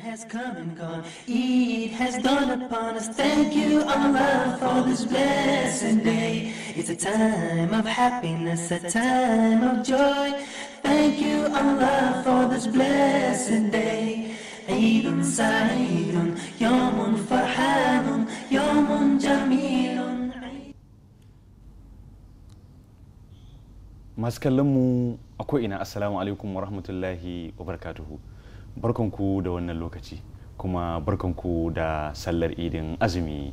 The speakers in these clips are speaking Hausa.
has come and gone, Eid has dawned upon us. Thank you, Allah, for this blessed day. It's a time of happiness, a time of joy. Thank you, Allah, for this blessed day. Eid Sa'id, Yawm Farhan, Yawm Jamil. Masu kallon mu a ko'ina, Assalamu alaikum wa rahmatullahi wa barakatuhu. barkanku da wannan lokaci kuma barkanku da sallar idin azumi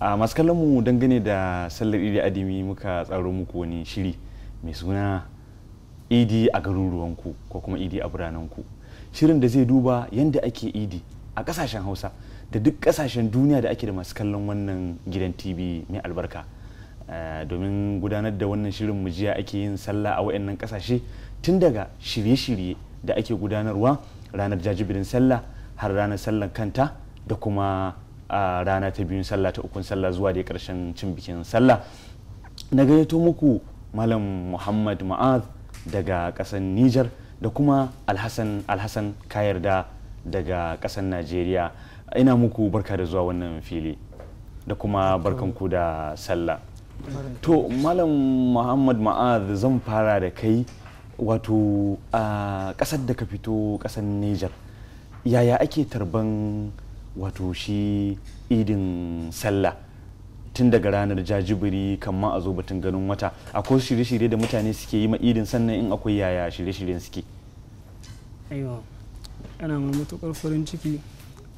a masu mu dangane da sallar idin adimi muka tsaro muku wani shiri mai suna idi a garuruwanku ko kuma idi a biranenku shirin da zai duba yadda ake idi a kasashen hausa da duk kasashen duniya da ake da masu kallon wannan gidan tv mai albarka eh, domin gudanar da wannan shirin mujiya ake yin sallah a waɗannan kasashe tun daga shirye-shirye da ake gudanarwa ranar jajibirin sallah har ranar sallar kanta da kuma rana ta biyun sallah ta ukun sallah zuwa da karshen cin bikin sallah na gayyato muku malam muhammad ma'ad daga kasan nijar da kuma alhassan alhassan kayarda daga kasan najeriya ina muku barka da zuwa wannan fili da kuma barkan ku da sallah to malam muhammad ma'ad zan fara da kai wato a kasar da ka fito kasar Nijar yaya ake tarban wato shi idin sallah tun daga ranar jajibiri kamma a zo batun ganin wata akwai shirye-shirye da mutane suke yi ma idin sannan in akwai yaya shirye-shiryen suke aiwa ana mai matuƙar farin ciki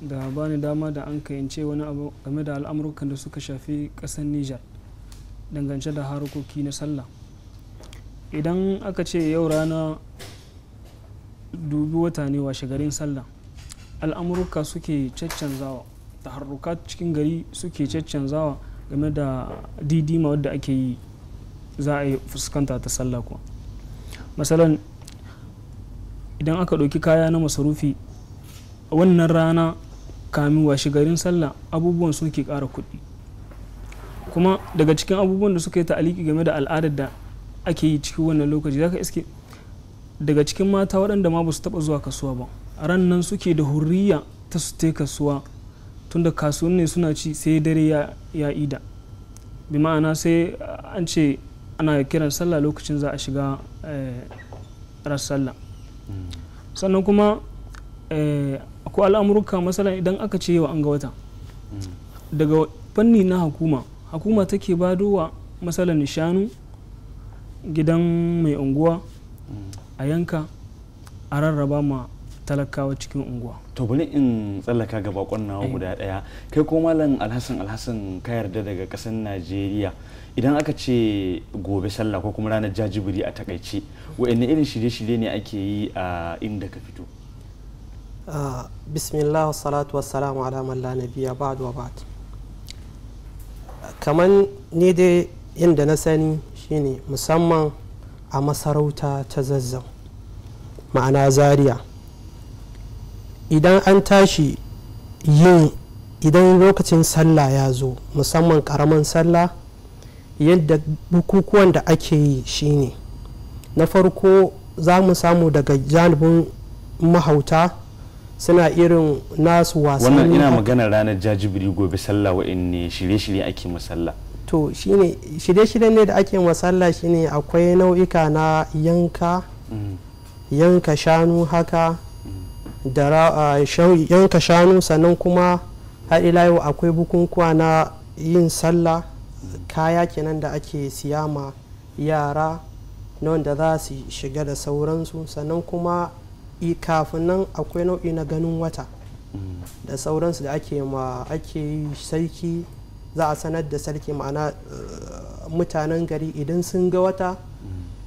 da bani dama da an kayance wani abu game da al'amurkan da suka shafi kasar nijar dangance da harkoki na sallah idan aka ce yau rana dubi wata ne washe garin sallah al'amurka suke caccanzawa taharruka cikin gari suke caccanzawa game da didima wadda ake yi za a yi fuskanta ta sallah kuwa masalan idan aka ɗauki kaya na masarufi wannan rana kami washe garin sallah abubuwan suke ƙara kuɗi kuma daga cikin abubuwan da suka yi ta'aliki game da al'adar da ake yi cikin wannan lokaci zaka iske daga cikin mata waɗanda ma ba su taɓa zuwa kasuwa ba ran nan suke da hurriya ta su ta kasuwa tunda kasuwan ne suna ci sai dare ya ida bi ma'ana sai an ce ana kiran sallah lokacin za a shiga eh, ras sallah hmm. sannan kuma eh, akwai al'amurka masalan idan aka ce wa an ga wata hmm. daga fanni na hukuma hukuma take badowa masalan nishanu. gidan mai unguwa mm. a yanka a rarraba ma talakawa cikin unguwa to bari in tsallaka ga bakon nawa guda daya eh. kai ko malam alhassan alhassan ka yarda daga kasan najeriya idan aka ce gobe sallah ko kuma ranar jajibiri a takaice wa'anne irin shirye-shirye ne ake yi a inda ka fito ah, bismillah salatu wassalamu ala malla nabiya ba'd wa ba'd kaman ne dai inda na sani shine musamman a masarauta ta zazzau ma'ana zaria idan an tashi yin idan lokacin sallah ya zo musamman karamin sallah yadda bukukuwan da ake yi shine na farko za mu samu daga janibin mahauta suna irin nasu wasanni wannan ina magana ranar jajibiri gobe sallah wa'in ne shirye-shirye ake musalla to shine shirye-shiryen ne da ake masalla shine akwai nau'ika na yanka mm. yanka shanu haka mm. da ah, yanka shanu sannan kuma haɗila yau akwai bukunkuwa na yin sallah mm. kaya kenan da ake siya ma yara na wanda za su shiga da sauransu sannan kuma kafin nan akwai nau'i na ganin wata da sauransu da ake ma ake yi sarki za a sanar da sarki ma'ana eh, mutanen gari idan sun ga wata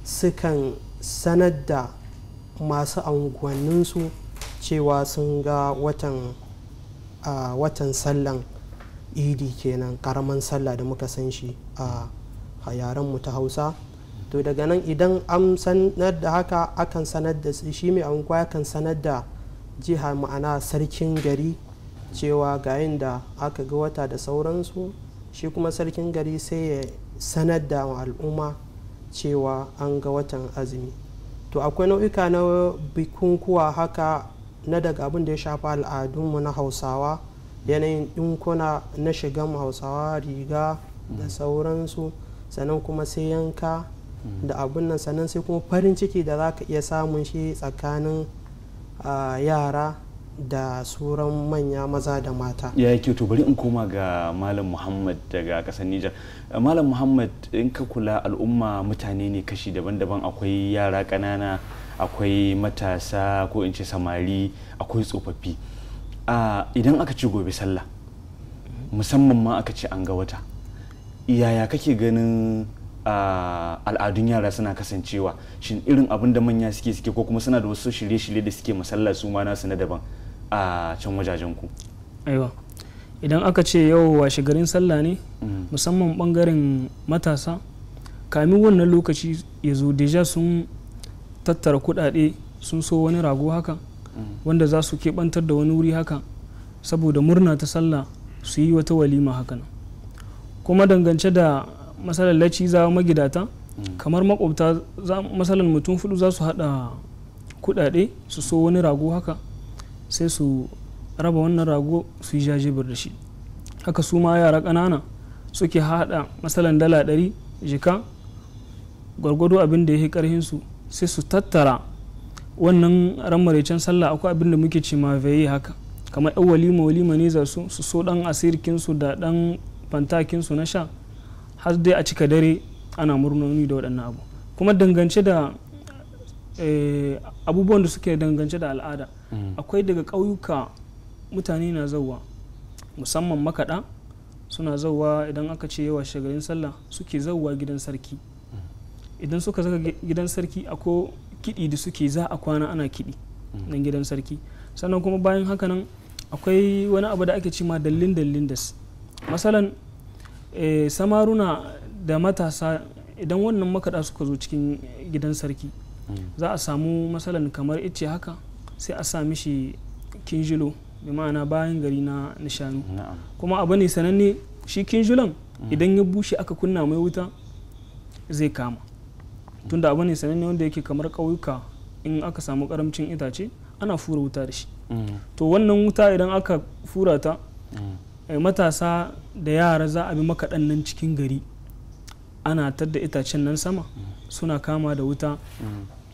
sukan sanar da masu anguwanninsu cewa sun ga watan watan sallan idi kenan karaman sallah da muka san shi a yaren mu ta hausa to daga nan idan an sanar da haka akan sanar da shi mai anguwa kan sanar da jiha ma'ana sarkin gari cewa ga da aka ga wata da sauransu shi kuma sarkin gari sai ya sanar da al'umma cewa an ga watan azumi to akwai nau'ika na kuwa haka na daga abin da ya shafa al'adunmu na hausawa yanayin dinkuna na shigan hausawa riga da sauransu sannan kuma sai yanka da abin nan sannan sai kuma farin ciki da za ka iya samun shi tsakanin ah, yara da sauran manya maza da mata ya yi to bari in koma ga malam muhammad daga kasar nijar eh, malam muhammad in ka kula al'umma mutane ne kashi daban-daban akwai yara kanana akwai matasa ko in ce samari akwai tsofaffi idan aka ci gobe sallah musamman ma aka ce an ga wata yaya kake ganin al'adun yara suna kasancewa shin irin abin da manya suke suke ko kuma suna da wasu shirye-shirye da suke masalla su ma nasu na daban a can wajajen aiwa idan aka ce yau washe garin sallah ne mm. musamman bangaren matasa kamin wannan lokaci ya zo deja sun tattara kudade sun so wani rago haka mm. wanda za su keɓantar da wani wuri haka saboda murna ta sallah su yi wata walima haka nan kuma dangance da laci za magidata mm. kamar makwabta matsalar mutum fudu za su hada kudade su so wani rago haka sai su raba wannan rago su yi jajibar da shi haka su ma yara ƙanana suke haɗa matsalan dala ɗari jika gwargwado abin da ya yi ƙarhinsu sai su tattara wannan ran sallah akwai abin da muke ce ma haka kamar yan walima walima ne za su su so dan asirkinsu da dan fantakinsu na sha har dai a cika dare ana murnoni da waɗannan abu kuma dangance da eh, abubuwan da suke dangance da al'ada mm. akwai daga ƙauyuka mutane na zauwa musamman makaɗa suna zauwa idan aka ce yawa shagarin sallah suke zauwa gidan sarki mm. idan suka zaka gidan sarki ako kiɗi da suke za a kwana ana kiɗi mm. nan gidan sarki sannan kuma bayan haka nan akwai wani abu da ake ce ma dallin dallin das masalan eh, samaruna da matasa idan wannan makaɗa suka zo cikin gidan sarki za a samu matsalan kamar ice haka sai a sa mishi kinjilo bi ma'ana bayan gari na shanu kuma abu ne sananne shi kinjilon mm. idan ya bushe aka kunna mai wuta zai kama tunda abu ne sananne wanda yake kamar ƙauyuka in aka samu karamcin itace ana fura wuta da shi mm. to wannan wuta idan aka fura ta mm. eh, matasa da yara za a bi makaɗan nan cikin gari ana tadda itacen nan sama suna kama da wuta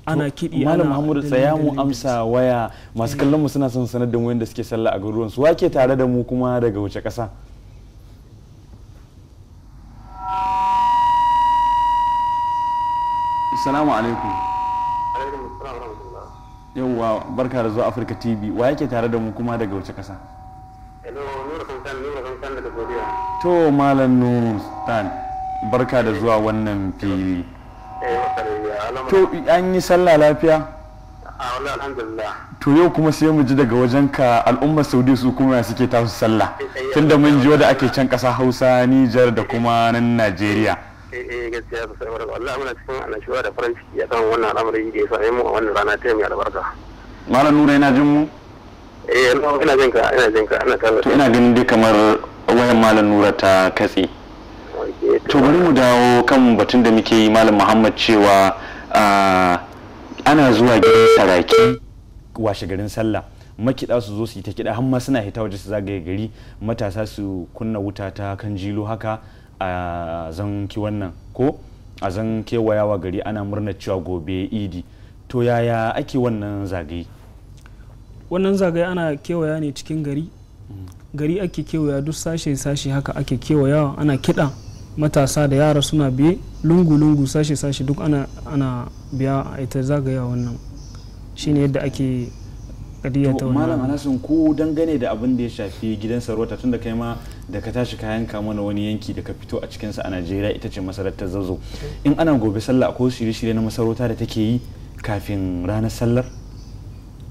ana kiɗi malam muhammadu tsaya mu amsa waya masu kallon mu suna son sanar da mu yadda suke sallah a garuruwan su wake tare da mu kuma daga wace ƙasa assalamu alaikum yawwa barka da zuwa afirka tv wa yake tare da mu kuma daga wace ƙasa to malam nuru stan barka da zuwa wannan fili to an yi sallah lafiya to yau kuma sai mu ji daga wajen ka al'ummar saudi su kuma ya suke tasu sallah eh, eh, eh. tunda mun ji wadda ake can ƙasa hausa nijar da kuma nan najeriya malam nura yana jin mu to ina ganin dai kamar wayan malam nura ta katse to bari mu dawo kan batun da muke yi malam muhammad cewa ana zuwa gidan saraki washe garin sallah makiɗa su zo su yi ta kiɗa har ma suna hita waje su zagaye gari matasa su kunna wuta ta kan jilo haka a zanki wannan ko a zan kewayawa gari ana murnar cewa gobe idi to yaya ake wannan zagaye wannan zagaye ana kewaya ne cikin gari mm. gari ake kewaya duk sashe-sashe haka ake kewayawa ana kiɗa matasa da yara suna biye lungu-lungu sashe-sashe duk ana, ana biya a ita zagaya wannan shine yadda ake kadiya ta wannan malam anasun ko dangane da abin da ya shafi gidan sarauta tunda kai ma da ka tashi kayan kama na wani yanki da ka fito a cikinsa a najeriya ita ce masarautar zazzau in ana gobe sallah ko shirye-shirye na masarauta da take yi kafin ranar sallar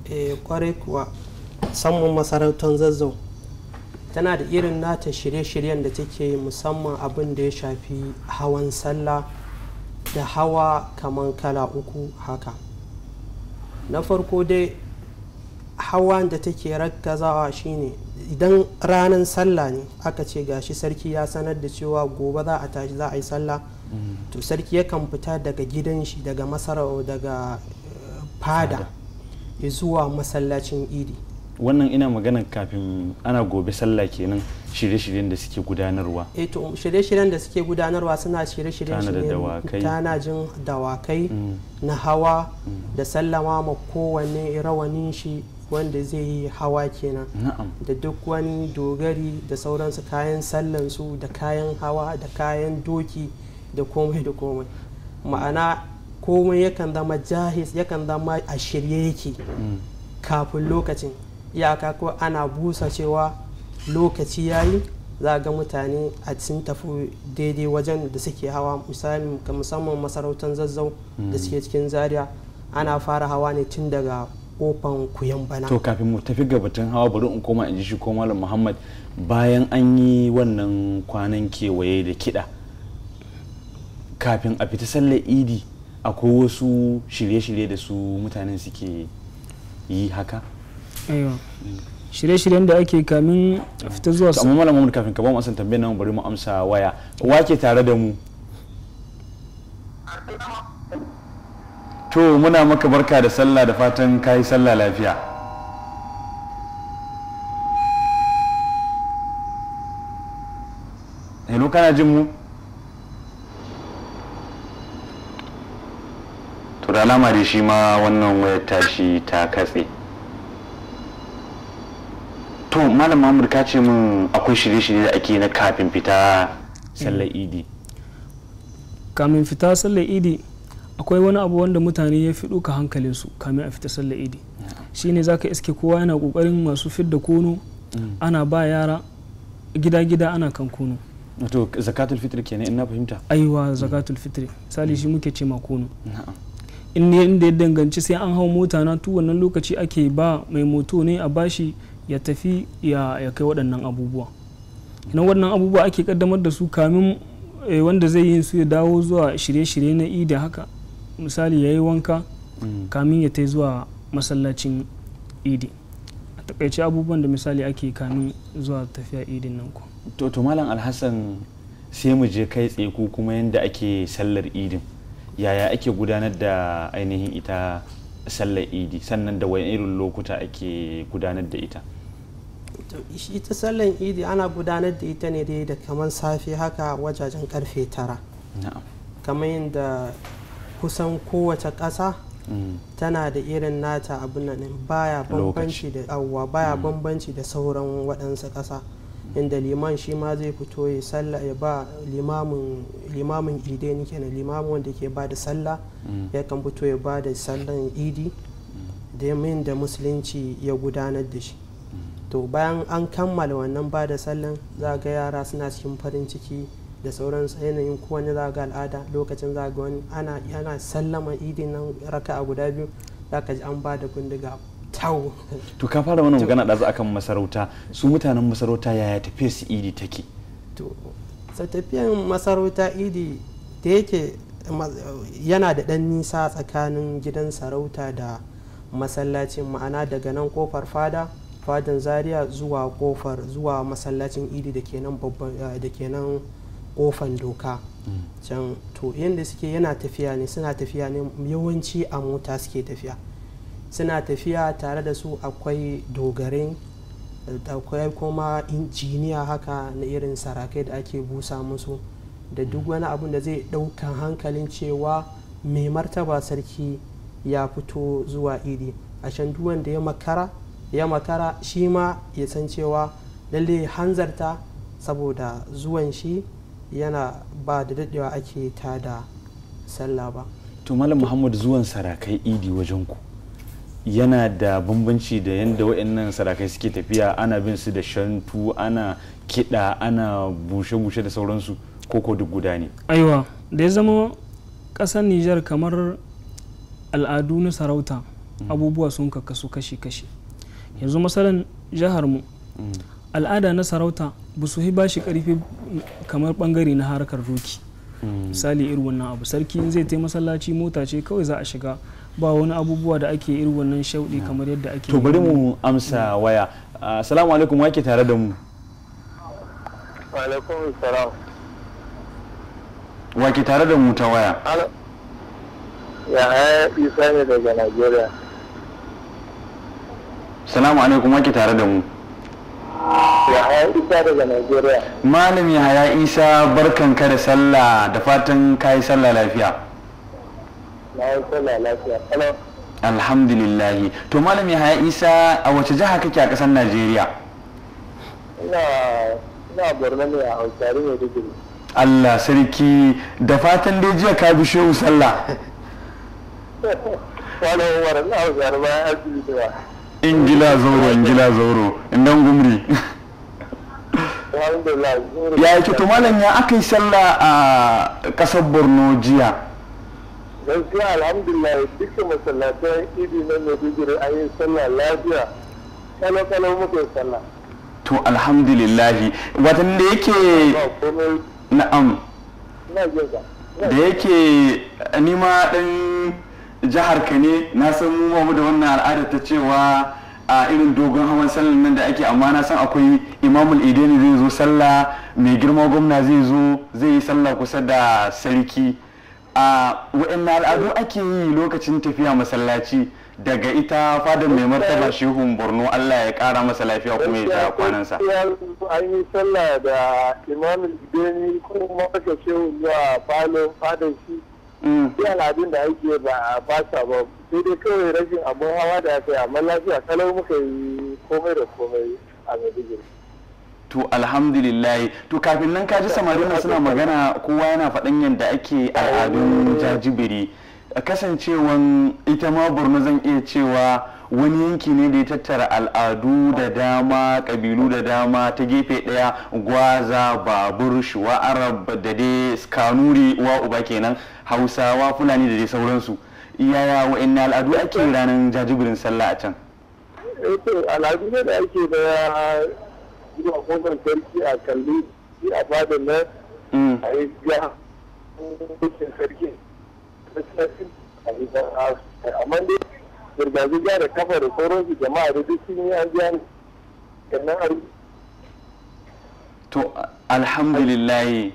eh kwarai kuwa samun masarautar zazzau tana da irin nata shirye-shiryen da take musamman abin da ya shafi hawan sallah da hawa kaman kala uku haka na farko dai hawan da take raggazawa shine idan ranar sallah ne aka ce gashi sarki ya sanar da cewa gobe za a tashi za a yi sallah to sarki yakan fita daga gidan shi daga masarau daga eh, fada zuwa masallacin idi wannan ina magana kafin ana gobe sallah kenan shirye-shiryen da suke gudanarwa eh to shirye-shiryen da suke gudanarwa suna shirye-shiryen tanajin dawakai mm. na hawa mm. da sallama ma kowanne rawanin shi wanda zai yi hawa kenan da duk wani dogari da sauransu kayan sallansu da kayan hawa da kayan doki da komai da komai ma'ana komai yakan zama jahis yakan zama a shirye yake mm. kafin lokacin iyaka ko ana busa cewa lokaci yayi za ga mutane a sun tafi daidai wajen da suke hawa misali musamman masarautar zazzau da suke hmm. cikin zaria ana fara hawa ne tun daga kofan kuyan bana to kafin mu tafi ga batun hawa bari in koma in ji shi ko malam muhammad bayan an yi wannan kwanan kewaye da kiɗa kafin a fita sallar idi akwai wasu shirye-shirye da su mutanen suke yi haka shirye-shiryen da ake kamin fita zuwa amma mu kafin ka ba mu asan tambayar nan bari mu amsa waya wake tare da mu to muna maka barka da sallah da fatan kayi sallah lafiya hello kana jin mu to da alama shi ma wannan wayar tashi ta katse to malam amurka ce min akwai shirye-shirye da ake na kafin fita sallar mm. idi kamin fita sallar idi akwai wani abu wanda mutane ya fi ɗuka hankalinsu kamin a fita sallar idi shine zaka iske kowa yana ƙoƙarin masu fidda kono mm. ana ba yara gida-gida ana kan kono wato zakatul fitri kenan in na fahimta aiwa mm. zakatul fitri sali shi muke ce ma kono in ne inda ya danganci sai an hau mota na tu wannan lokaci ake ba mai moto ne a bashi ya tafi ya kai waɗannan abubuwa na waɗannan abubuwa ake kaddamar da su kamin eh, wanda zai yi su ya dawo zuwa shirye-shirye na idi haka misali ya yi wanka mm. kamin ya tai zuwa masallacin idi a takaice abubuwan da misali ake kamin zuwa tafiya idin nan ku to to malam alhassan sai mu je kai tseku kuma yadda ake sallar idin yaya ake gudanar da ainihin ita sallar idi sannan da wani irin lokuta ake gudanar da ita shi ta sallan idi ana gudanar da ita ne dai da kamar safe haka wajajen karfe tara kamar yadda kusan kowace ƙasa mm. tana da irin nata abin nan baya bambanci da awwa baya mm. bambanci da sauran waɗansa ƙasa inda liman shi ma zai fito ya salla ya ba limamin idi ne kenan limamin wanda ke ba da sallah mm. ya kan fito ya ba da sallan idi da da musulunci ya gudanar da shi to bayan an kammala wannan ba da sallan za ga yara suna cikin farin ciki da sauransu yanayin kowane za ga al'ada lokacin za ga wani ana yana sallama idin nan raka a guda biyu za ka ji an ba da bindiga tau to ka fara wannan magana a kan masarauta su mutanen masarauta yaya tafiya su idi take to tafiyan masarauta idi da yake yana da ɗan nisa tsakanin gidan sarauta da masallacin ma'ana daga nan kofar fada fadin zaria zuwa kofar zuwa masallacin idi da kenan eh, da kofan doka mm. can to yadda suke yana tafiya ne suna tafiya ne yawanci a mota suke tafiya suna tafiya tare da su akwai dogarin akwai kuma injiniya haka na irin sarakai da ake busa musu da duk wani abun da zai ɗaukan hankalin cewa mai martaba sarki ya fito zuwa idi a shan duk wanda ya makara ya matara shi ma ya san cewa lalle hanzarta saboda zuwan shi yana ba da daɗewa ake ta da sallah ba to malam muhammad zuwan sarakai idi wajen ku yana da bambanci da yadda waɗannan sarakai suke tafiya ana bin su da shantu ana kiɗa ana bushe-bushe da sauransu ko ko duk guda ne aiwa da ya zama ƙasar nijar kamar al'adu na sarauta mm. abubuwa sun kakkasu kashi-kashi yanzu masalan jihar mu mm. al'ada na sarauta ba su hi bashi karfi kamar bangare na harkar doki mm. misali irin wannan abu sarki in zai taimaka masallaci mota ce kawai za a shiga ba wani abubuwa da ake irin wannan shauɗi mm. kamar yadda ake to bari mu amsa waya assalamu alaikum ke tare da mu alaikum salam ke tare da mu ta waya ya isa ne daga najeriya salamu alaikum wake tare da mu malam yahaya isa barkan ka da sallah da fatan ka yi sallah lafiya alhamdulillah to malam yahaya isa a wace jiha kake a ƙasar najeriya ina borno ne a hausari mai digiri allah sarki da fatan dai jiya ka bi shehu sallah wani umar na hausari bayan asibiti ba ingila zauro ingila zauro indan gumri ya yi to malam ya aka yi sallah a kasar borno jiya gaskiya alhamdulillah dukkan masallatan idi na maiduguri an yi sallah lafiya kalau muka yi sallah to alhamdulillah watan da yake na'am da yake nima dan jihar ka ne na san mu da wannan al'adar ta cewa a irin dogon hawan sallar nan da ake amma na san akwai imamul idini zai zo sallah mai girma gwamna zai zo zai yi sallah kusa da sarki a wa'in al'adu ake yi lokacin tafiya masallaci daga ita fadar mai martaba shehun borno allah ya kara masa lafiya kuma ya ja kwanansa an sallah da imamul ideni kuma shehun zuwa falon shi sai al'adun da ake ba a basa ba sai dai kawai rashin abun hawa da aka yi amma lafiya kalau muka yi komai da komai a maiduguri to alhamdulillahi to kafin nan kaji samari suna magana kowa yana faɗin yadda ake al'adun eh. jajibiri kasancewan ita ma borno zan iya cewa wani yanki ne da ya tattara al'adu da dama ƙabilu da dama ta gefe ɗaya gwaza babur shuwa arab da dai kanuri wa uba kenan hausawa fulani da dai sauransu iyaya inna al'adu ake ranar jajibirin sallah a can eh al'adu ne da ake da zuwa kogon sarki a kalli a fadin nan mm. a yi ga sarki amma dai zirga da kafa jama'a da duk sun yi an to alhamdulillahi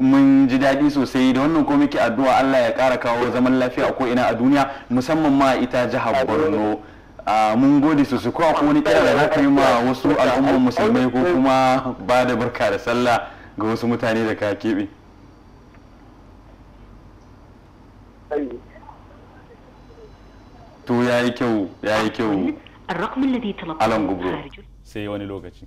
mun ji daɗi sosai da wannan ko muke addu'a Allah ya kara kawo zaman lafiya ko ina a duniya musamman ma ita jihar Borno mun gode su ko akwai wani kira da za ka yi ma wasu al'ummar musulmai ko kuma ba da barka da sallah ga wasu mutane da ka keɓe. to ya yi kyau ya yi kyau alan gubro sai wani lokaci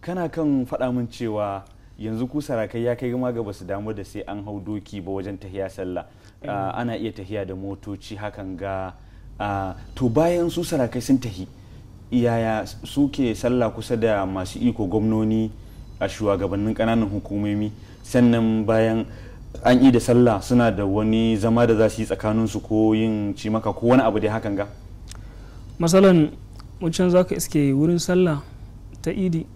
kana kan faɗa min cewa yanzu ku sarakai ya kai gama ga basu damu da sai an hau doki ba wajen tahiya sallah eh. ana iya tahiya da motoci hakan ga to bayan su sarakai sun tahi yaya suke sallah kusa da masu iko gwamnoni a shugabannin kananan hukumomi sannan bayan an yi da sallah suna da wani zama da za su yi tsakanin su ko yin cimaka ko wani abu dai hakan ga matsalan wancan za ka iske wurin sallah ta idi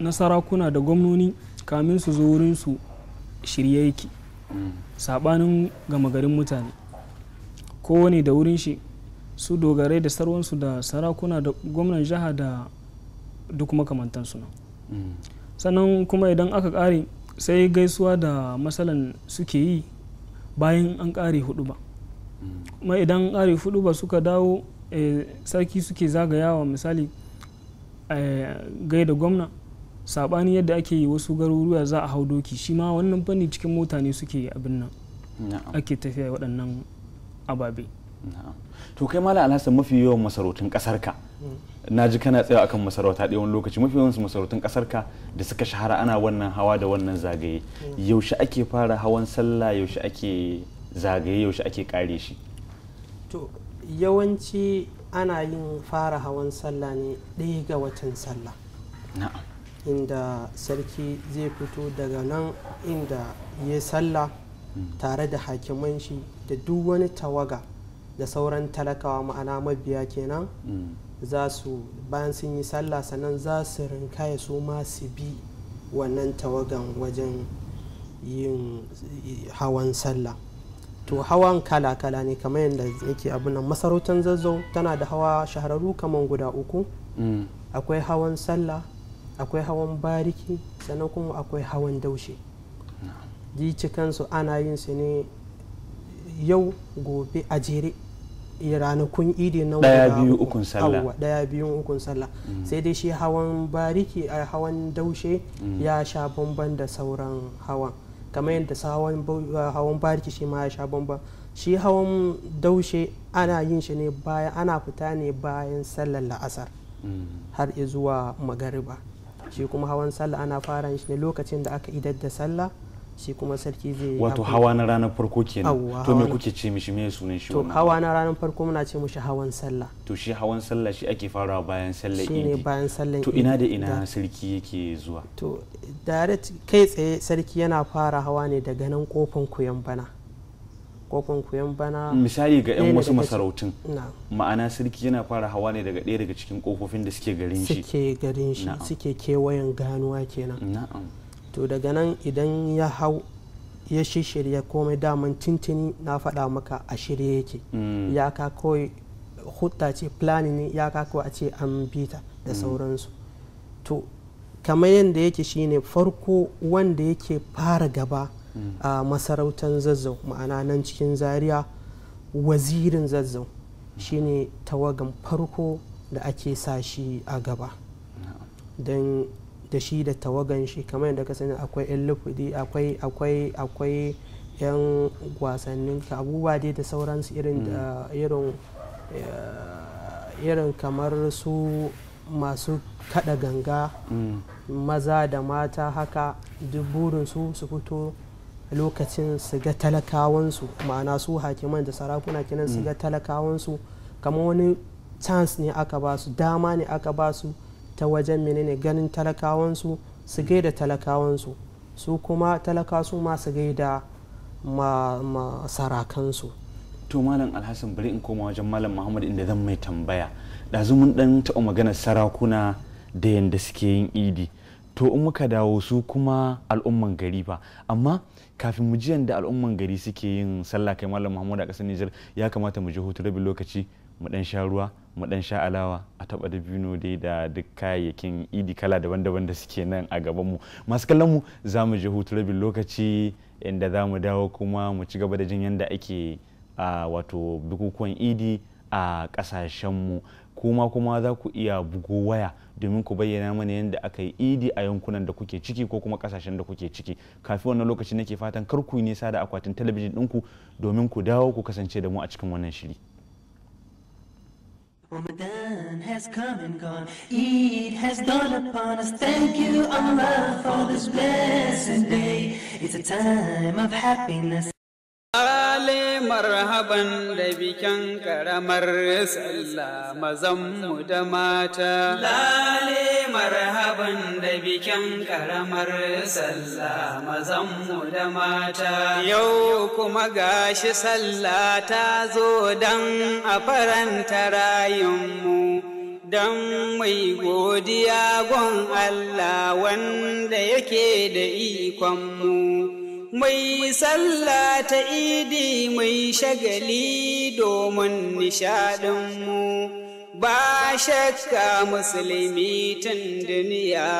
na sarakuna da gwamnoni kamin su zo wurin su shirye yake sabanin gama garin mutane kowane da wurin shi su dogarai da sarwansu da sarakuna da gwamnan jiha da duk makamantansu na mm. sannan kuma idan aka kare. sai gaisuwa da matsalan suke yi bayan an kare hudu ba kuma idan an kare hudu ba suka dawo eh, sarki suke zagayawa misali eh, gaida gwamna saɓani yadda ake yi wasu garuruwa za a hau doki shi ma wannan fanni cikin mota ne suke abin nan ake tafiya waɗannan ababe to kai mala alhassa mafi yawan masarautun kasarka na ji kana tsaya akan masarauta ɗaya wani lokaci mafi yawan masarautun kasarka da suka shahara ana wannan hawa da wannan zagaye yaushe ake fara hawan sallah yaushe ake zagaye yaushe ake kare shi to yawanci ana yin fara hawan sallah ne ɗaya ga watan sallah inda sarki zai fito daga nan inda ya sallah hmm. tare da hakiman shi da duk wani tawaga da sauran talakawa ma'ana mabiya kenan mm. za su bayan sun yi sallah sannan za su rinkaya su ma su bi wannan tawagan wajen yin hawan sallah to hawan kala-kala ne kamar yadda yake abu nan masarautar zazzau tana da hawa shahararru kamar guda uku mm. akwai hawan sallah akwai hawan bariki sannan kuma akwai hawan daushe ji cikansu ana yin su ne yau gobe a jere eh, ranakun idi na daya biyu ukun sallah daya biyu ukun sallah mm. sai dai shi hawan bariki a eh, hawan daushe mm. ya sha bamban da sauran hawan kamar yadda eh, hawan bariki shi ma ya sha bamban shi hawan daushe ana yin shi ne bayan ana fita ne bayan sallar la'asar mm. har zuwa magariba shi kuma hawan sallah ana fara shi ne lokacin da aka idar da sallah shi kuma sarki zai yi wato hawa na ranar farko kenan to me kuke ce mishi me sunan shi to hawa na ranar farko muna ce mishi hawan sallah to shi hawan sallah shi ake farawa bayan sallar shi ne bayan sallar to ina da ina sarki yake zuwa to direct kai tsaye sarki yana fara hawa ne daga nan kofan kuyan bana kofin koyon bana misali ga 'yan wasu masarautun ma'ana sarki yana fara hawa ne daga ɗaya daga cikin kofofin da suke garin shi suke garin shi suke kewayen ganuwa kenan na'am to daga nan idan ya hau ya shirya komai daman tintini na faɗa maka a shirye yake mm. ya ka kawai hutta ce planning ya ka kawai a ce an bita da mm. sauransu to kamar yadda yake shine farko wanda yake fara gaba mm. a masarautar zazzau ma'ana nan cikin zaria wazirin zazzau shine tawagan farko da ake sa shi a gaba don da shi da tawagan shi kamar yadda ka sani akwai 'yan lufudi akwai akwai akwai 'yan wasannin abubuwa dai da sauransu irin da mm. irin eh, irin kamar su masu kada ganga mm. maza da mata haka duk burinsu su fito lokacin su ga talakawansu ma'ana su hakiman da sarakuna kenan su mm. ga talakawansu kamar wani chance ne aka ba su dama ne aka ba su ta wajen menene ganin talakawansu su gaida talakawansu su kuma talaka su masu gaida masarakansu. to malam alhassan bari in koma wajen malam muhammad inda zan mai tambaya ɗazu mun ɗan taɓa maganar sarakuna da yadda suke yin idi to in muka dawo su kuma al'umman gari ba amma kafin mu ji yadda al'umman gari suke yin sallah kai malam muhammad a ƙasar nijar ya kamata mu ji hutu rabin lokaci mu dan sha ruwa mu dan sha alawa a taba da bino dai da duk kayayyakin idi kala daban-daban da suke nan a gaban mu masu kallon mu za mu je hutu rabin lokaci inda za mu dawo kuma mu ci gaba da jin yadda ake a wato bukukuwan idi a kasashen mu kuma kuma za ku iya bugo waya domin ku bayyana mana yadda aka yi idi a yankunan da kuke ciki ko kuma kasashen da kuke ciki kafin wannan lokaci nake fatan kar ku yi nisa da akwatin talabijin ɗinku domin ku dawo ku kasance da mu a cikin wannan shiri. Ramadan has come and gone, Eid has dawned upon us. Thank you, Allah, for this blessed day. It's a time of happiness. marhaban da bikin karamar sallah mazanmu da mata. Lale marhaban da bikin karamar sallah mazanmu da mata. Yau kuma gashi sallah ta zo dan a faranta rayunmu. dan mai godiya gon Allah wanda yake da ikonmu. mai sallah ta idi mai shagali domin nishadinmu ba shakka musulmi tun duniya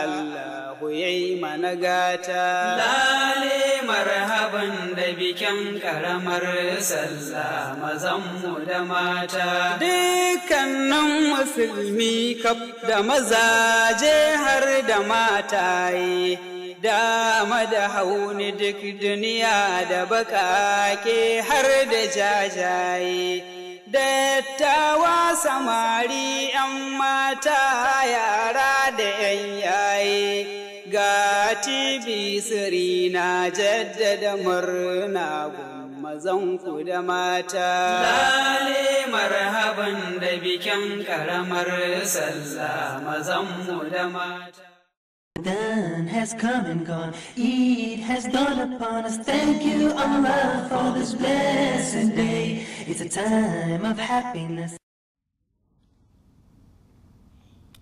Allahu ya yi mana gata. Lale marhaban da bikin karamar sallah mazanmu da mata. Dukkanin musulmi kaf da mazaje har da mataye. dama da hauni duk duniya da baka ke har da jajaye dattawa samari ‘yan mata yara da ‘yan yaye ga tibi siri na jaddada murna ku da mata lale marhaban da bikin karamar sallah mazanmu da mata done has come and gone. Eid has dawned upon us. Thank you, Allah, for this blessed day. It's a time of happiness.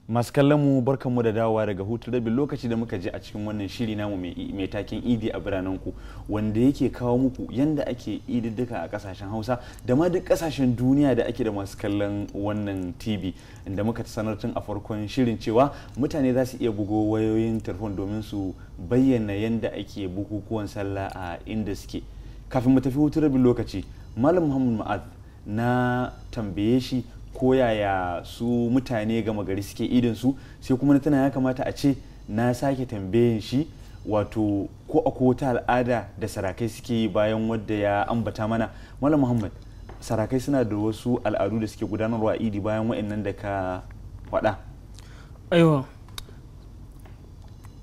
masu kallon mu barkanmu da dawowa daga hutu rabi lokaci da muka je a cikin wannan shiri namu mai takin idi a biranen ku wanda yake kawo muku yanda ake ididdika a kasashen hausa da ma duk kasashen duniya da ake da masu kallon wannan tv inda muka sanar tun a farkon shirin cewa mutane za su iya bugo wayoyin tarhon domin su bayyana yanda ake bukukuwan sallah a inda suke kafin mu tafi hutu rabi lokaci malam muhammad ma'ad na tambaye shi koyaya su mutane gama gari suke idan su sai kuma na tana ya kamata a ce na sake tambayin shi wato ko akwai wata al'ada da sarakai suke yi bayan wadda ya ambata mana malam muhammad sarakai suna da wasu al'adu da suke gudanarwa idi bayan wa'annan da ka faɗa aiwa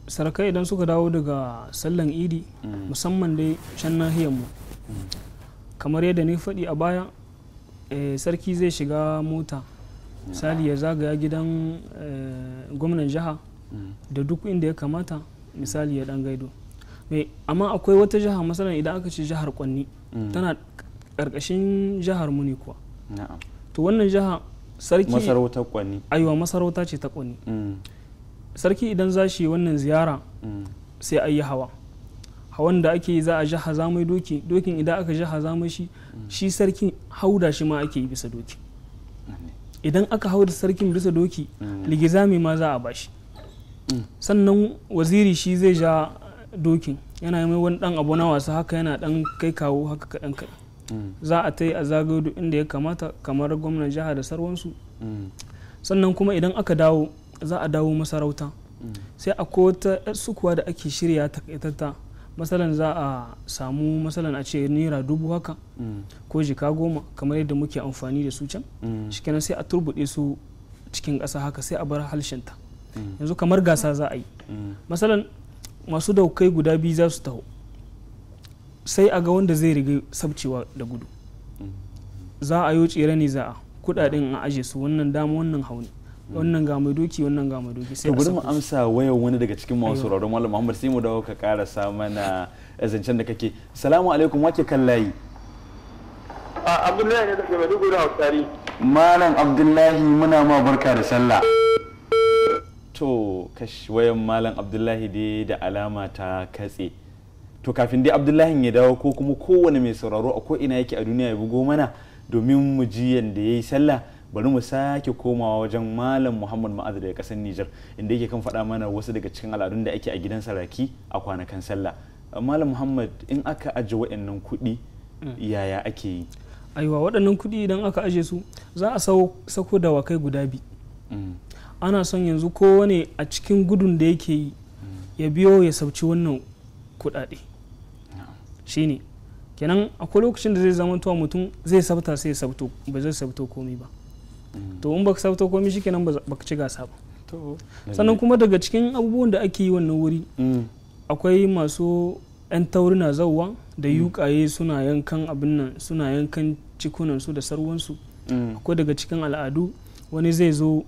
sarakai idan suka dawo daga sallan idi mm. musamman dai can nahiyar mu mm. kamar yadda ni faɗi a baya Eh, sarki zai shiga mota misali ya zagaya gidan eh, gwamnan jiha da duk inda ya kamata misali ya dan gaido eh, amma akwai wata jiha masana idan aka ce jihar kwanni mm. tana karkashin jihar muni kuwa to wannan jiha sarki masarautar kwanni aiwa masarauta ce ta kwanni mm. sarki idan za shi wannan ziyara mm. sai ayi hawa a wanda ake yi za a jahaza mai doki dokin idan aka jahaza mai shi shi sarkin hauda shi ma ake yi bisa doki idan aka hauda sarkin bisa doki ligizami ma za a bashi sannan waziri shi zai ja dokin yana mai wani dan abu na wasa haka yana dan kai kawo haka kaɗan kadan. za a ta yi a zagayo inda ya kamata kamar gwamnan jiha da sarwansu sannan kuma idan aka dawo za a dawo masarauta sai akwai wata sukuwa da ake shirya takaitatta matsalan za a samu matsalan a ce naira dubu haka mm. ko jika goma kamar yadda muke amfani da su can mm. shikenan sai a turbuɗe su cikin ƙasa haka sai a bar halshenta mm. yanzu kamar gasa za a yi matsalan masu daukai guda biyu za su taho sai a ga wanda zai riga sabcewa da gudu za a yi tsere ne za a kudaden a aje su wannan dama wannan hauni wannan ga mai doki wannan ga mai doki sai bari mu amsa wayar wani daga cikin masu sauraron malam Muhammad sai mu dawo ka karasa mana zancen da kake salamu alaikum wake kan layi a Abdullahi ne daga Maiduguri a Hausari malam Abdullahi muna ma barka da sallah to kash wayan malam Abdullahi dai da alama ta katse to kafin dai Abdullahi ya dawo ko kuma kowane mai sauraro a ko ina yake a duniya ya bugo mana domin mu ji yanda yayi sallah bari mu sake komawa wajen malam muhammad ma'az daga kasar nijar inda yake kan faɗa mana wasu daga cikin al'adun da ake a gidan saraki a kwanakan sallah malam muhammad in aka aje waɗannan kuɗi mm. yaya ake yi aiwa waɗannan kuɗi idan aka aje su za a sako da dawakai guda biyu mm. ana son yanzu kowane a cikin gudun da yake yi mm. ya biyo ya sauci wannan kuɗaɗe shine kenan akwai lokacin da zai zama mutum zai sabta sai ya sabto ba zai sabto komai ba to in baka sabta komai shikenan baka ci gasa ba sannan kuma daga cikin abubuwan da ake yi wannan wuri mm. akwai masu 'yan taurina zauwa da mm. yukaye suna yankan abin nan suna yankan cikunan su da sarwansu mm. akwai daga cikin al'adu wani zai zo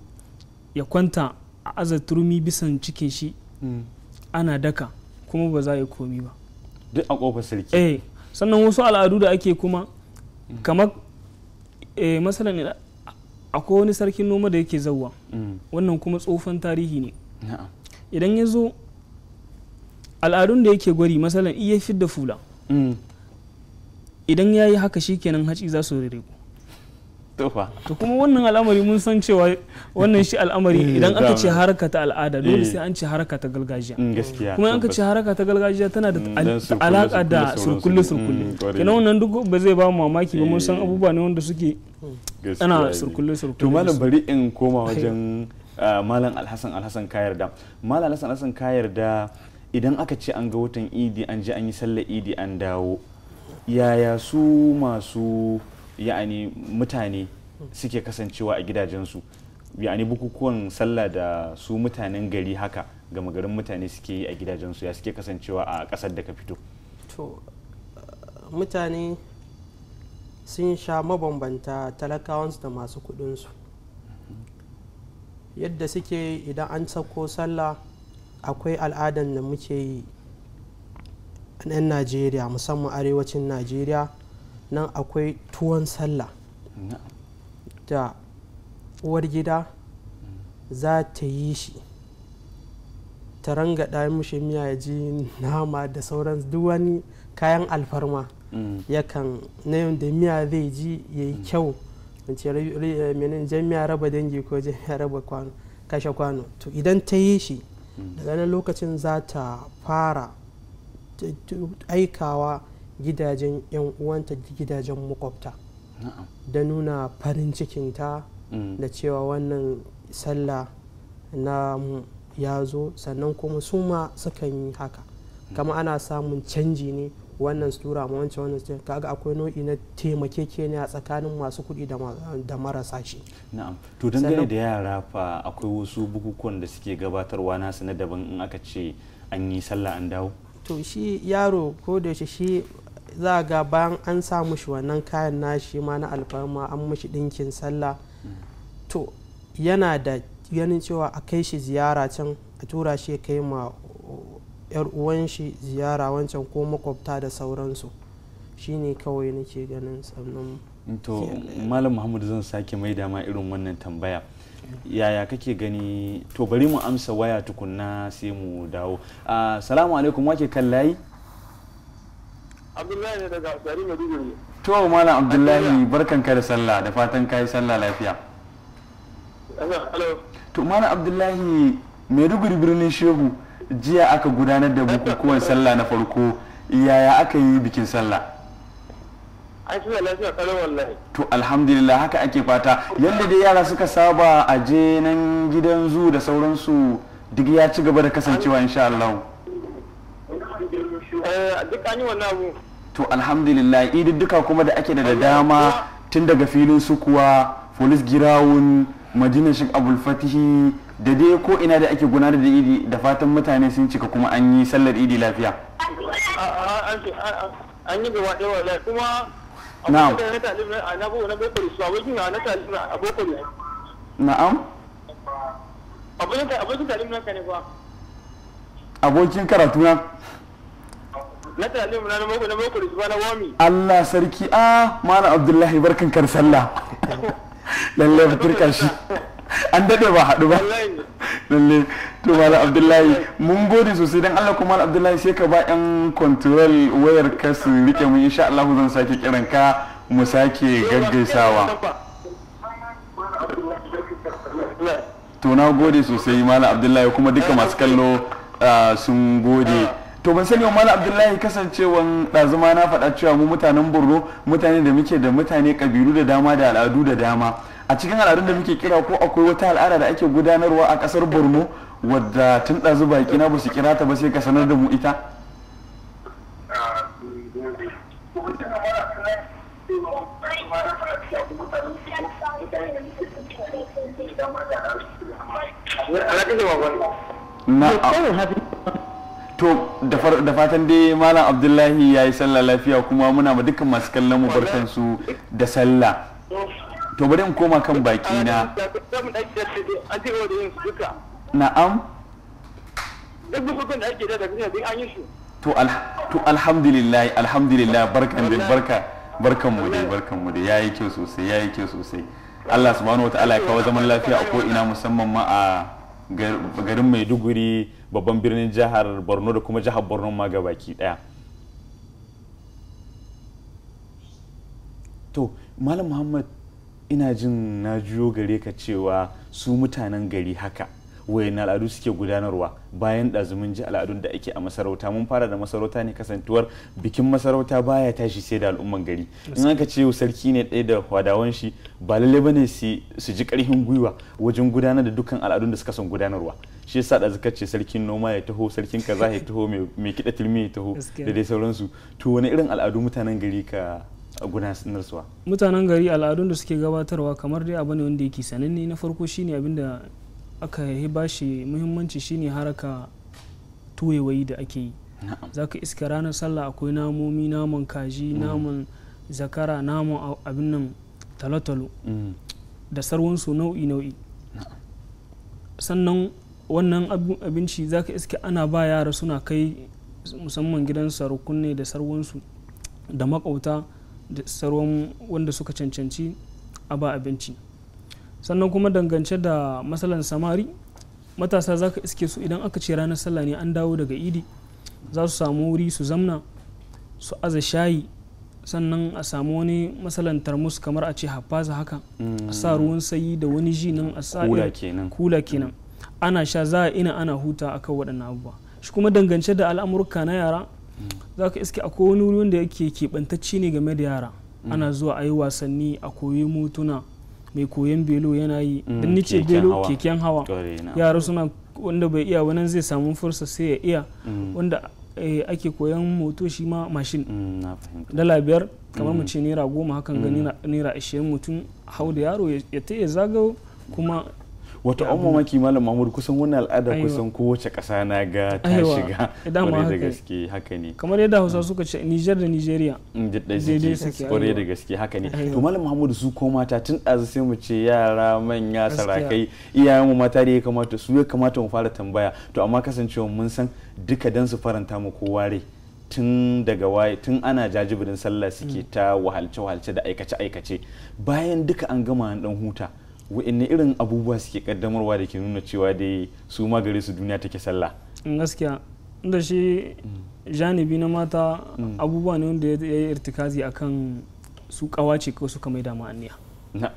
ya kwanta a aza turmi bisan cikin shi ana daka kuma ba za a yi komi ba duk a kofar sarki eh sannan wasu al'adu da ake kuma kamar eh, masalan akwai wani sarkin noma da yake zauwa mm. wannan kuma tsofan tarihi ne idan ya zo al'adun da yake gwari masalan iya fidda fula mm. idan ya yi haka shikenan haci za su rere to kuma wannan al'amari mun san cewa wannan shi al'amari eh, idan aka ce haraka ta al'ada dole eh. sai an ce haraka ta gargajiya mm, kuma an ka ce haraka ta gargajiya tana da mm, alaka da surkulle surkulle mm, kenan wannan duk ba zai ba mu mamaki ba mun san eh. abubuwa ne wanda suke ana surkulle surkulle to malam bari in koma wajen ah, malam alhassan alhassan ka yarda malam alhassan alhassan ka yarda idan aka ce an ga watan idi an je an yi sallar idi an dawo yaya su masu ya'ani mutane suke kasancewa a gidajensu ya'ani bukukuwan sallah da su mutanen gari haka gama garin mutane suke yi a gidajensu ya suke kasancewa a kasar da ka fito to mutane sun sha mabambanta talakawansu da masu kudinsu yadda suke idan an sako sallah akwai al'adan da muke yi a 'yan najeriya musamman arewacin najeriya nan akwai tuwon sallah da uwar gida za ta yi shi ta rangada mushe miya ya ji nama da sauran duk wani kayan alfarma mm. yakan na yau da miya zai ji ya yi mm. kyau eh, menin jan miya raba dangi ko jan ya raba kashe kwano to idan ta yi shi mm. daga nan lokacin za ta fara aikawa gidajen 'yan uwanta gidajen makwabta da nuna farin cikinta mm. da cewa wannan sallah na ya zo sannan kuma su ma sukan yi haka mm. kama ana samun canji ne wannan sura ma wancan wannan sura kaga akwai nau'i na taimakekeniya tsakanin masu kuɗi da marasa shi na'am to dangane da yara fa akwai wasu bukukuwan da suke gabatarwa nasu na daban in aka ce an yi sallah an dawo to shi yaro ko da shi za ga bayan an sa mushi wannan kayan nashi ma na alfarma an mushi ɗinkin sallah to yana da ganin cewa a kai shi ziyara can a tura shi kai ma yar uwan shi ziyara wancan ko makwabta da sauransu shi ne kawai nake ganin sannan to malam muhammadu zan sake mai dama irin wannan tambaya yaya kake gani to bari mu amsa waya tukunna sai mu dawo ah, salamu alaikum wake kan layi Abdullahi ne daga garin Maiduguri. To Malam Abdullahi ka da sallah da fatan kayi sallah lafiya. To Malam Abdullahi Maiduguri birnin Shehu jiya aka gudanar da bukukuwan sallah na farko yaya aka yi bikin sallah to alhamdulillah haka ake fata yadda dai yara suka saba a je nan gidan zu da sauransu duk ya ci gaba da kasancewa insha Allah Eh, duk an yi wannan abu to alhamdulillah ididduka kuma da ake da dama tun daga filin su kuwa folis girawun madinar shi abul fatihi da dai ko ina da ake gudanar da idi da fatan mutane sun cika kuma an yi sallar idi lafiya an yi gaba ɗaya wala kuma na'am na'am abokin karatu na na mako na mako wami Allah sarki a ah, mana Abdullahi barkan kar sallah lalle ba turka shi an dade ba haɗu ba lalle to mana abdullahi mun gode sosai dan Allah kuma mana abdullahi sai ka ba yan control wayar ka su rike mu insha Allah zan sake kiran ka mu sake gaggaisawa to na gode sosai mana abdullahi kuma duka masu kallo ah, sun gode to ban sani wa abdullahi kasancewan ɗazuma na faɗa cewa mu mutanen borno mutane da muke da mutane ƙabilu da dama da al'adu da dama a cikin al'adun da muke kira ko akwai wata al'ada da ake gudanarwa a ƙasar borno wadda tun ɗazu baki na ba su kira ta ba sai ka sanar da mu ita to da fatan dai malam abdullahi ya yi sallah lafiya kuma muna ma dukkan masu kallon mu barkan su da sallah to bari in koma kan baki na na'am to alhamdulillah alhamdulillah barkan dai barka barkan mu dai barkan mu dai yayi kyau sosai yayi kyau sosai Allah subhanahu ta'ala ya kawo zaman lafiya a ko ina musamman ma a garin maiduguri babban birnin jihar borno da kuma jihar borno ma baki daya to malam muhammad ina jin na juyo gare ka cewa su mutanen gari haka wayan al'adu suke gudanarwa bayan ɗazumin ji al'adun da ake a masarauta mun fara da masarauta ne kasantuwar bikin masarauta baya tashi sai da al'umman gari in aka ce sarki ne ɗaya da wadawan shi ba lalle ba ne su ji ƙarfin gwiwa wajen gudanar da dukkan al'adun da suka son gudanarwa shi yasa da zaka ce sarkin noma ya taho sarkin kaza ya taho mai kiɗa tilmi ya taho da dai sauransu to wani irin al'adu mutanen gari ka mutanen gari al'adun da suke gabatarwa kamar dai abu ne wanda yake sananne na farko shine abinda aka yi shi muhimmanci shine haraka tuwewayi da ake yi za ka iska ranar sallah akwai namomi naman kaji mm. naman zakara naman abin nan talotalo mm. da sarwansu nau'i nau'i sannan wannan abinci za ka iska ana ba yara suna kai musamman gidan sarukun ne da sarwansu da makauta da sarwan wanda suka cancanci a ba abinci sannan kuma dangance da matsalan samari matasa za ka iske su idan aka ce ranar sallah ne an dawo daga idi za su samu wuri su zamna su aza shayi sannan a samu wani matsalan tarmus kamar a ce hafaza haka mm. a sa ruwan sayi da wani ji nan a sa kula kenan ana sha za a ina ana huta a kan waɗannan abubuwa shi kuma dangance da al'amurka na yara mm. za ka iske akwai wani wuri wanda yake keɓantacce ne game da yara mm. ana zuwa a yi wasanni a koyi motuna mai koyon belo yana yi mm, don ni belo keken hawa yara suna wanda bai iya wani zai samu fursa sai ya iya mm. wanda eh, ake koyon moto shi ma mashin mm, dala biyar kamar mu ce naira goma hakan gani naira ashirin mutum hau da yaro ya ta ya zagau kuma wata umma maki malam mamur kusan wani al'ada kusan kowace kasa na ga ta shiga eh, kwarai da gaske haka ne kamar yadda hausa suka ce nijar da nigeria mm, kwarai da gaske haka ne to malam mamur su ko mata tun ɗazu sai mu ce yara manya sarakai iyayen mu mata da ya kamata su ya kamata mu fara tambaya to amma kasancewa mun san duka dan su faranta mu ko ware. tun daga waye tun ana jajibirin sallah suke mm. ta wahalce-wahalce da aikace-aikace bayan duka an gama dan huta wa'anne irin abubuwa suke kaddamarwa da ke nuna cewa dai su ma gare su duniya take sallah mm, gaskiya da shi mm. janibi na mata mm. abubuwa ne wanda ya yi irtikazi akan su kawace ko suka mai dama ma'aniya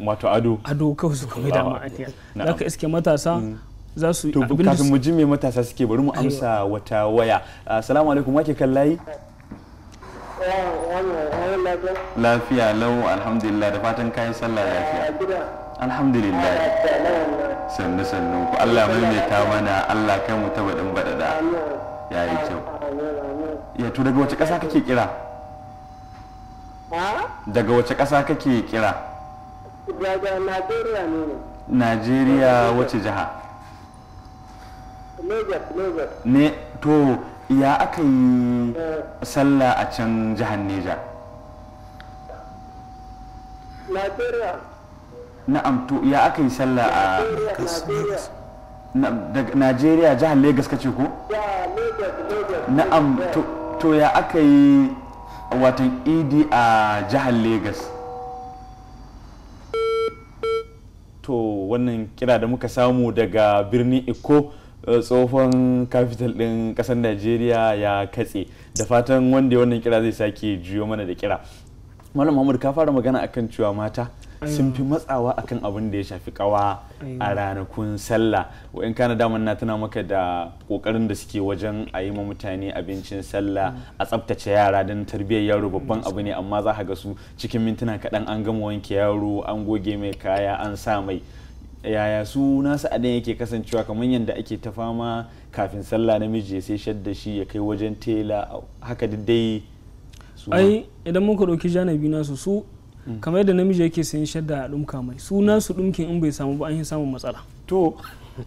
wato ado ado kawai suka mai dama ma'aniya za ka iske matasa za su to kafin mu ji matasa suke bari mu amsa wata waya assalamu alaikum wake kan layi lafiya lau alhamdulillah da fatan kayan sallah lafiya eh, alhamdulillah sannu sannu ku Allah maimaita mana Allah kai mu taba din badada ya yi kyau ya to daga wace ƙasa kake kira daga wace kasa kake kira daga Najeriya ne Najeriya wace jiha ne to ya aka yi eh. sallah a can jihar Neja Najeriya na'am to ya aka yi sallah a Najeriya jihar Legas kace ko? Na'am to ya aka yi watan idi a jihar Legas. To wannan kira da muka samu daga birnin iko eh, tsohon kafital din ƙasar Najeriya ya katse da fatan wanda wannan kira zai sake juyo mana da kira. Malam Muhammad ka fara magana akan cewa mata sun fi matsawa akan abin da ya shafi kawa a ranakun sallah wa'in na daman na tana maka da kokarin da suke wajen a yi mutane abincin sallah a tsabtace yara don tarbiyyar yaro babban abu ne amma za ga su cikin mintuna kaɗan an gama wanke yaro an goge mai kaya an sa mai yaya su nasu adan yake kasancewa kamar yadda ake ta fama kafin sallah namiji ya sai shadda shi ya kai wajen tela haka dai ai idan muka ɗauki janabi nasu su kamar yadda namiji yake sayan shadda a dumka mai suna su dumkin in bai samu ba an yi samun matsala to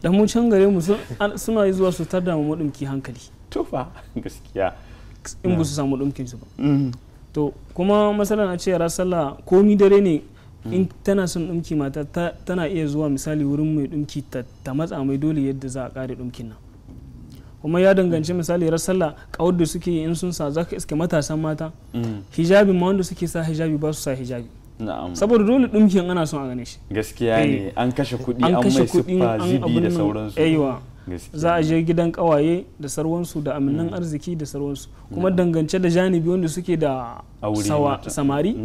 da mu can gare mu suna zuwa su tada mu madumki hankali to fa gaskiya in ba su samu dumkin su ba to kuma masala a ce yara sallah komi dare ne in tana son dumki mata tana iya zuwa misali wurin mai dumki ta matsa mai dole yadda za a kare dumkin nan kuma ya danganci misali ran sallah kawar da suke in sun sa za ka iske matasan mata mm. hijabi ma wanda suke sa hijabi ba su sa hijabi saboda dole dumkin ana son a gane shi gaskiya ne eh. an kashe kuɗi an mai siffa zibi da sauransu za a je gidan kawaye da sarwansu da aminan mm. arziki da sarwansu kuma dangance da janibi wanda suke da samari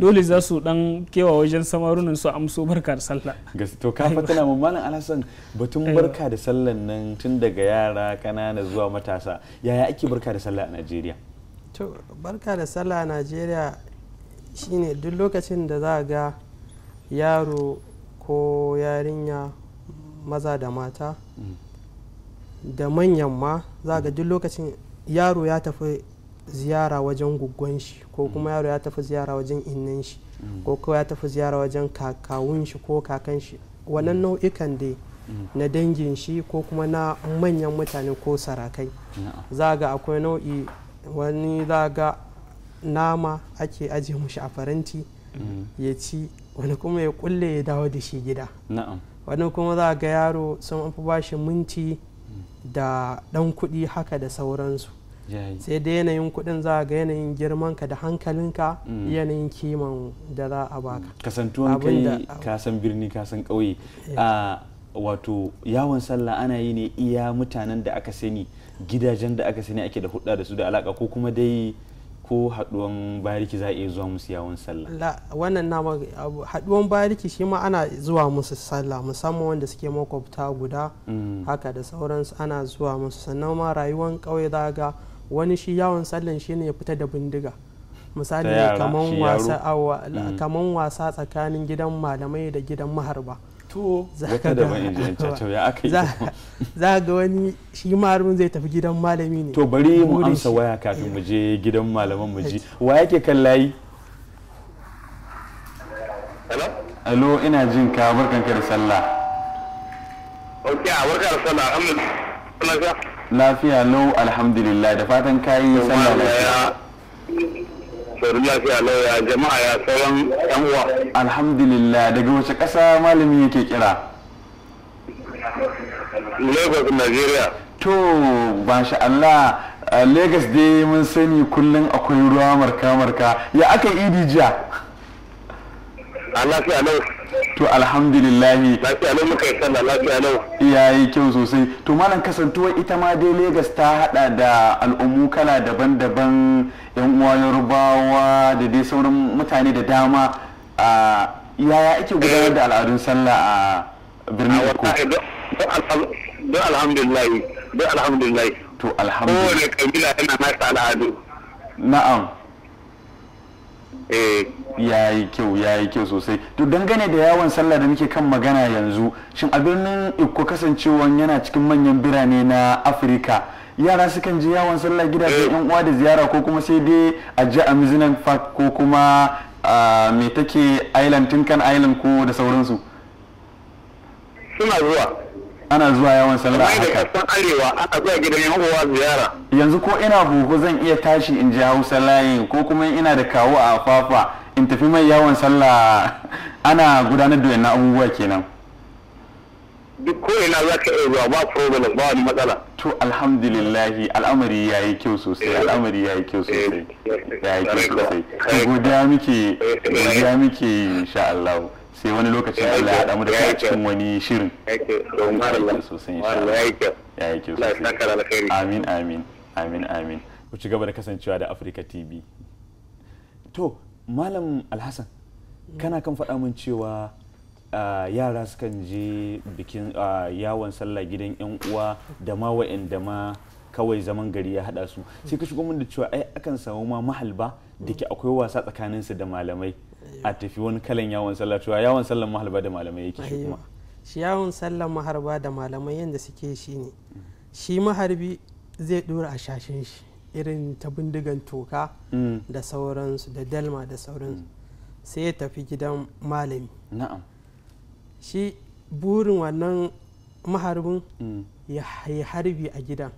dole za su dan kewa wajen samarunan su amso barka da sallah to ka fatana mun malam alhassan batun barka da sallan nan tun daga yara kanana zuwa matasa yaya ake barka da sallah a Najeriya to barka da sallah a Najeriya shine duk lokacin da za ga yaro ko yarinya maza da mata mm. da manyan ma za ga duk lokacin yaro ya tafi ziyara wajen guggon shi ko kuma yaro ya tafi ziyara wajen innan shi ko kuma ya tafi ziyara wajen kakawun shi ko kakan shi wannan nau'ikan dai na dangin shi ko kuma na manyan mutane ko sarakai za ga akwai nau'i wani za ga nama ake ajiye mushi a faranti ya ci wani kuma ya kulle ya dawo da shi gida wani kuma za ga yaro sun fi bashi minti da ɗan kuɗi haka da sauransu sai da yanayin kuɗin za ga yanayin ka da hankalinka mm. yanayin kiman da za a baka mm. kasantuwan kai kasan birni kasan ƙauye eh. wato yawon sallah ana yi ne iya mutanen da aka sani gidajen da aka sani ake da hudda da su da alaka ko kuma dai ko haduwan bariki za a iya zuwa musu yawon sallah wannan na haduwan bariki shi ma ana zuwa musu sallah musamman wanda suke makwabta guda mm. haka da sauransu ana zuwa musu sannan ma rayuwan kauye za ga wani shi yawon sallan shi ne ya fita da bindiga misali mm. kaman wasa tsakanin gidan malamai da gidan maharba to wata da ya aka yi za ga wani shi ma harbin zai tafi gidan malami ne to bari mu amsa waya kafin mu je eh. gidan malaman mu ji wa yake kan layi alo ina jin ka barkan ka da sallah ok a barkan da sallah alhamdulillah lafiya lau alhamdulillah da fatan kayi sallah lafiya sauran lafiya lauya jama'a ya sauran yan uwa. Alhamdulillah daga wace ƙasa malami yake kira? Lagos Nigeria. To masha Allah Lagos dai mun sani kullum akwai ruwa marka-marka ya aka idi jiya. Allah lafiya lauya. to alhamdulillahi ya yi sallah yi kyau sosai to malam kasantuwar ita ma dai Legas ta hada da al'ummu kala daban-daban yan uwa Yorubawa da dai sauran mutane da dama a yaya ake gudanar da al'adun sallah a birnin ko don alhamdulillahi don alhamdulillahi to alhamdulillahi kowane kabila yana nasa al'adu na'am Eh. ya yi kyau ya yi kyau sosai to dangane da yawon sallah da muke kan magana yanzu shin a birnin ikko kasancewan yana cikin manyan birane na afirka yara sukan je yawon sallah gidajen eh. yan uwa da ziyara ko kuma sai dai a ji a mizinan park ko kuma me take island tinkan island ko da sauransu suna zuwa ana zuwa yawon sallah a haka san arewa aka zuwa gidan yan uwa ziyara yanzu ko ina buhu zan iya tashi in ji hausa layi ko kuma ina da kawo a afafa in tafi mai yawon sallah ana gudanar da wannan abubuwa kenan duk ko ina za ka iya zuwa ba problem ba wani matsala to alhamdulillahi al'amari ya yi kyau sosai eh. al'amari ya yi kyau eh. sosai ya yi kyau sosai godiya muke eh. godiya muke insha Allah sai wani lokacin Allah ya damu da kai cikin wani shirin ya yi kyau amin amin amin amin ku ci da kasancewa da Africa TV to malam Alhassan kana kan faɗa min cewa ah, yara sukan je bikin ah, yawon sallah gidan yan uwa da ma da ma kawai zaman gari ya haɗa su sai ka shigo min da cewa ai akan samu ma mahalba da ke akwai wasa tsakaninsu da malamai a tafi wani kalan yawon sallah to yawon sallan maharba da malamai yake shi kuma shi yawon sallan maharba da malamai yadda suke shi ne shi maharbi zai dora a shashin shi irin ta bindigan toka mm. da sauransu da dalma da sauransu mm. sai ya tafi gidan malami na'am shi burin wannan maharbin mm. ya harbi a gidan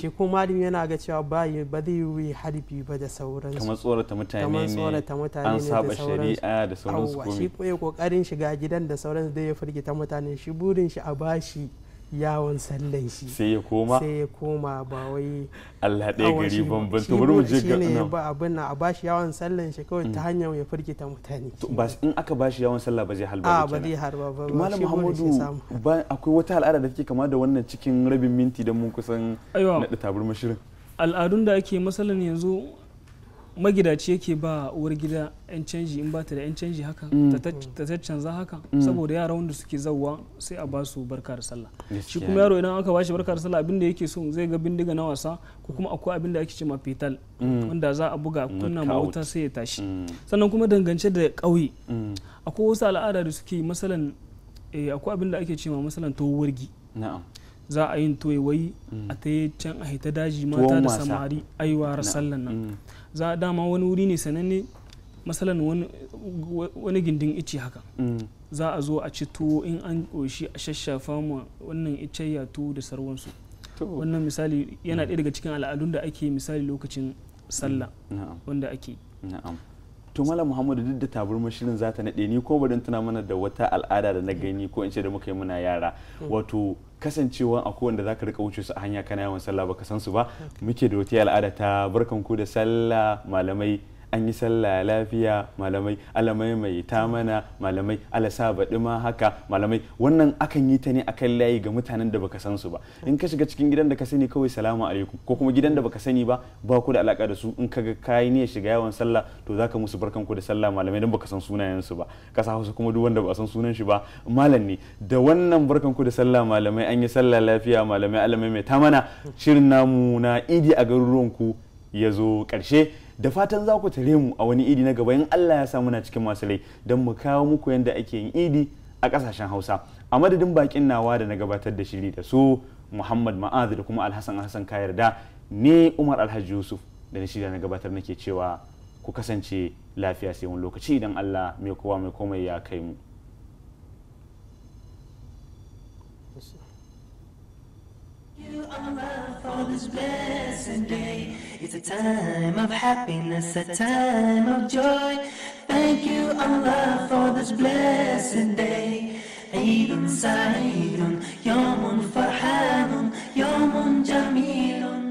shi mhm. kuma malami yana ga cewa ba ba zai yi harbi ba da sauransu kamar tsorata mutane ne an saba shari'a da sauransu kuma shi kokarin shiga gidan da sauransu dai ya firgita mutane shi burin shi a bashi yawon sallan shi sai ya koma sai ya koma ba wai Allah ɗaya gari bambam to bari mu je ga nan ba abin nan a bashi yawon sallan shi kawai ta mm. hanyar ya firgita mutane to ba in aka bashi yawon sallah ba zai halba ba ba zai halba ba malam Muhammadu ba akwai wata al'ada da take kama da wannan cikin rabin minti da mun kusan naɗa tabar mashirin al'adun da ake masallan yanzu magidaci yake ba uwar gida 'yan canji in ba ta da 'yan canji haka mm. ta canza haka mm. saboda yara wanda suke zauwa sai a ba su barka da sallah shi kuma yaro idan aka bashi barka da sallah abin da yake so zai ga bindiga na wasa ko kuma akwai abin ake ce ma fetal mm. wanda za a buga kunna ma sai ya tashi sannan kuma dangance da ƙauye akwai wasu al'ada da suke masalan eh, akwai abin ake ce ma masalan towargi na'am za a yin toye wai a ta can a hita daji mata da samari aiwa sallan nan za a dama wani wuri ne sananne masalan wani gindin ice haka mm. za a zo a ci tuwo in an oshi a shashafa ma wannan ya tuwo da sarwansu wannan misali yana ɗaya daga cikin al'adun da ake misali lokacin sallah mm. wanda ake to mala muhammadu duk da taburma shirin zata ta naɗe ni ko barin tuna mana da wata al'ada da na gani ko in ce da muka yi muna yara hmm. wato kasancewa a kowanne za ka rika wuce su a hanya kana yawan sallah baka san su ba hmm. muke da wata al'ada ta barkan ku da sallah malamai an yi sallah lafiya malamai alamai mai ta mana malamai alasa baɗi ma haka malamai wannan akan yi ta ne akan layi ga mutanen da baka san su ba in ka shiga cikin gidan da ka sani kawai salamu alaikum ko kuma gidan da baka sani ba ba ku da alaka da su in ka ga kayi ne shiga yawan sallah to zaka musu barkan ku da sallah malamai dan baka san sunayen su ba kasa hausa kuma duk wanda ba san sunan shi ba malam ne da wannan barkan ku da sallah malamai an yi sallah lafiya malamai alamai mai ta mana shirin namu na idi a garuruwanku ya zo karshe. da fatan za ku tare mu a wani idi na gaba in Allah ya samu na cikin masu lai don mu kawo muku yadda ake yin idi a kasashen Hausa a madadin bakin nawa da na gabatar da shiri da su Muhammad Ma'azu da kuma Alhassan Hassan yarda ne Umar Alhaji Yusuf da na shirya na gabatar nake cewa ku kasance lafiya sai wani lokaci idan Allah mai kowa mai komai ya kai mu you Allah for this blessed day. It's a time of happiness, a time of joy. Thank you Allah for this blessed day. عيد سعيد يوم فرحان يوم جميل